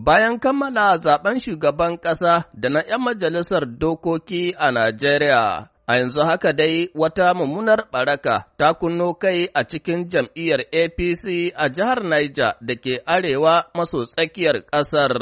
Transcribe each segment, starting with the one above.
Bayan kammala zaben shugaban ƙasa da na ‘yan majalisar dokoki a Najeriya, a yanzu haka dai wata mummunar ɓaraka ta kunno kai a cikin jam'iyyar APC a jihar Niger da ke arewa maso tsakiyar ƙasar.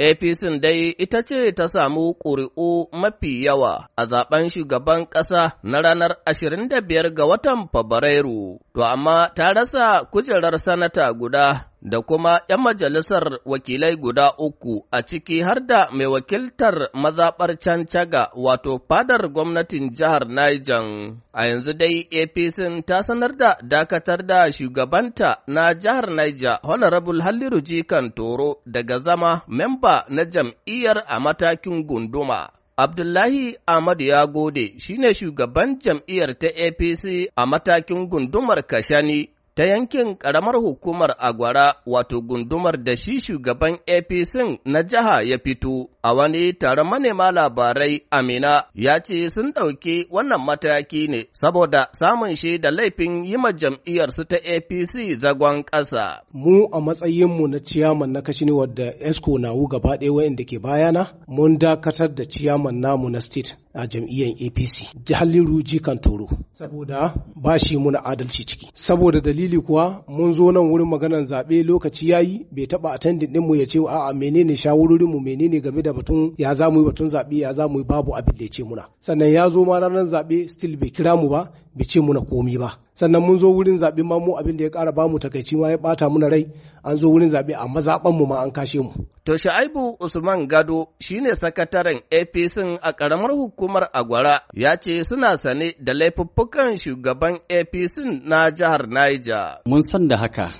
APC dai ita ce ta samu ƙuri'u mafi yawa a zaben shugaban ƙasa na ranar 25 ga watan Fabrairu, to amma ta rasa kujerar sanata guda da kuma ‘yan majalisar wakilai guda uku a ciki har da mai wakiltar mazaɓar cancaga wato fadar gwamnatin jihar Niger. A yanzu dai APC ta sanar da dakatar da shugabanta na jihar Niger Honorable Halliru Jikan Toro daga zama memba na jam'iyyar a matakin gunduma. Abdullahi Ahmad ya gode shi ne shugaban jam'iyyar ta APC a matakin gundumar Kashani ta yankin ƙaramar hukumar Agwara wato gundumar da shi shugaban APC na jiha ya fito a wani taron manema labarai Amina ya ce sun ɗauki wannan mataki ne saboda samun shi da laifin yi ma jam'iyyarsu ta APC zagon ƙasa. Mu a matsayinmu na ciyaman na kashi wadda ESCO nawu gaba ɗaya wa'inda ke bayana mun dakatar da ciyaman namu na state a jam'iyyar apc jihaliru kan toro saboda ba shi muna adalci ciki saboda dalili kuwa mun zo nan wurin maganar zaɓe lokaci ya yi bai taɓa attendin ɗinmu ya ce a'a menene shawarorinmu menene game da batun ya za mu yi batun zaɓe ya za mu yi babu abin da ya ce muna sannan ya zo ma ranar zaɓe still bai kira mu ba bai ce muna komi ba sannan mun zo wurin zaɓe ma mu abin da ya ƙara bamu takaici ma ya ɓata muna rai an zo wurin zaɓe amma zaɓen mu ma an kashe mu. To Sha'aibu Usman Gado shine sakataren APC a ƙaramar hukumar Agwara ya ce suna sane da laifuffukan shugaban APC na jihar Niger. Mun san da haka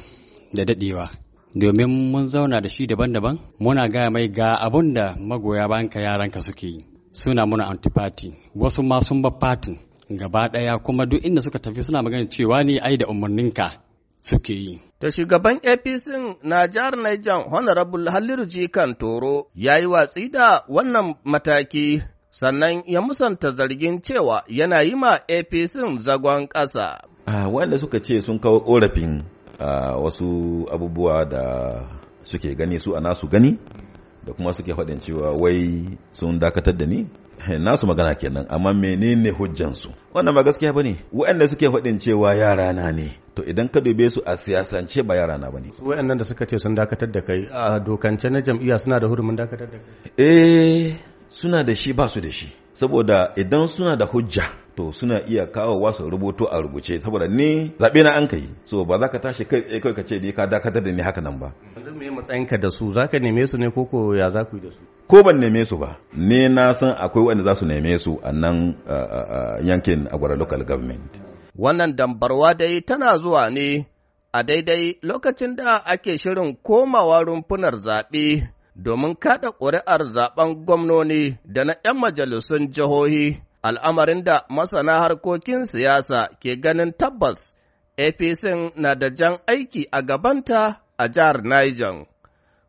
da daɗewa. Domin mun zauna da shi daban-daban, muna gaya mai ga abun da magoya bayanka yaranka suke yi. Suna muna antipati, wasu ma sun ba fatin. gaba ɗaya kuma duk inda suka tafi suna magana cewa ne ai da umarninka suke yi. Da shugaban APC na jihar Niger Honorable Halliru Jikan Toro ya yi watsi da wannan mataki sannan ya musanta zargin cewa yana yi ma APC zagon ƙasa. Ah, Wanda suka ce sun kawo korafin ah, wasu abubuwa da suke gani su a nasu gani da kuma suke faɗin cewa wai sun dakatar da ni nasu magana kenan amma menene hujjansu wannan ba gaskiya bane waɗanda suke faɗin cewa yara na ne to idan ka dube su a siyasance ba yara na bane waɗannan da suka ce sun dakatar da kai a dokance na jam'iyya suna da hurumin dakatar da kai eh suna da shi ba su da shi saboda idan suna da hujja to suna iya kawo wasu rubutu a rubuce saboda ni zaɓe na an kai so ba za ka tashi kai tsaye kai ka ce ni ka dakatar da ni haka nan ba yanzu me matsayinka da su za ka neme su ne koko ya za ku yi da su ko ban neme su ba ne na san akwai wanda za su neme su a nan yankin agwara local government wannan dambarwa dai tana zuwa ne a daidai lokacin da ake shirin komawa rumfunar zaɓe domin kaɗa ƙuri'ar zaɓen gwamnoni da na 'yan majalisun jihohi al'amarin da masana harkokin siyasa ke ganin tabbas apc na da jan aiki a gabanta a jihar Niger.